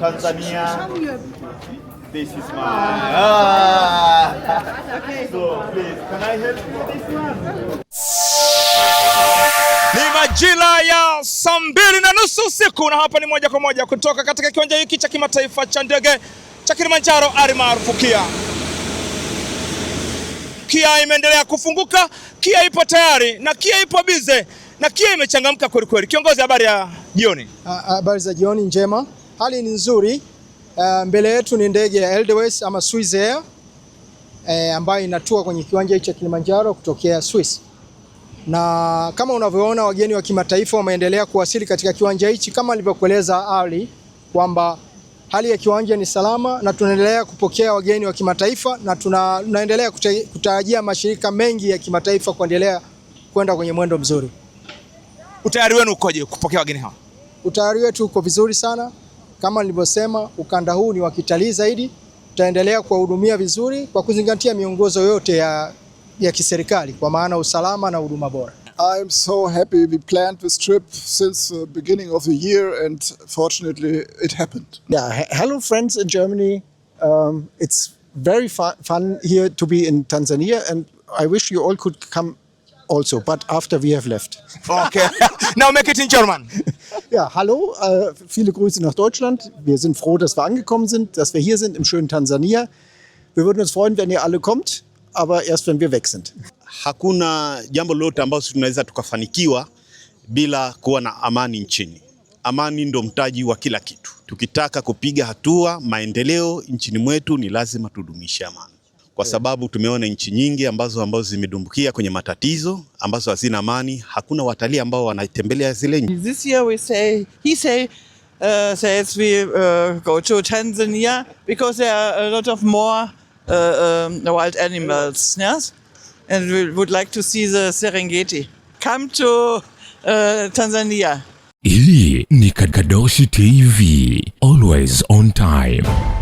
Tanzania this is my ah. okay. so please can I help you this one ni majira ya saa mbili na nusu usiku na hapa ni moja kwa moja kutoka katika kiwanja hiki cha kimataifa cha ndege cha Kilimanjaro almaarufu KIA. KIA imeendelea kufunguka, KIA ipo tayari na KIA ipo bize na KIA imechangamka kweli kweli. Kiongozi, habari ya jioni? Habari za jioni njema hali ni nzuri. Uh, mbele yetu ni ndege ya Eldeways ama Swiss Air eh, ambayo inatua kwenye kiwanja cha Kilimanjaro kutokea Swiss, na kama unavyoona wageni wa kimataifa wameendelea kuwasili katika kiwanja hichi kama alivyokueleza Ali kwamba hali ya kiwanja ni salama na tunaendelea kupokea wageni wa kimataifa na tuna, tunaendelea kutarajia mashirika mengi ya kimataifa kuendelea kwenda kwenye mwendo mzuri. Utayari wenu ukoje kupokea wageni hawa? Utayari wetu uko vizuri sana. Kama nilivyosema, ukanda huu ni wa kitalii zaidi, tutaendelea kuwahudumia vizuri kwa kuzingatia miongozo yote ya, ya kiserikali kwa maana usalama na huduma bora. I'm so happy we planned this trip since the beginning of the year and fortunately it happened. Yeah, hello friends in Germany. Um, it's very fun, fun here to be in Tanzania and I wish you all could come also but after we have left. Okay. Now make it in German. Ja, hallo, äh, viele Grüße nach Deutschland. Wir sind froh, dass wir angekommen sind, dass wir hier sind im schönen Tansania. Wir würden uns freuen, wenn ihr alle kommt, aber erst wenn wir weg sind. Hakuna jambo lolote ambalo tunaweza tukafanikiwa bila kuwa na amani nchini. Amani ndo mtaji wa kila kitu. Tukitaka kupiga hatua maendeleo nchini mwetu, ni lazima tudumishe amani kwa sababu tumeona nchi nyingi ambazo ambazo zimedumbukia kwenye matatizo ambazo hazina amani. Hakuna watalii ambao wanatembelea zile nchi. This year we say he say uh, says we uh, go to Tanzania because there are a lot of more uh, um, wild animals yes and we would like to see the Serengeti come to uh, Tanzania. Hii ni Kadoshi TV always on time.